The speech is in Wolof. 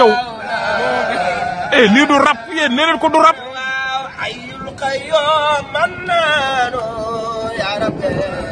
yow eh lii du rap yéen nee leen ko du rap. ay lu koy yoo man naa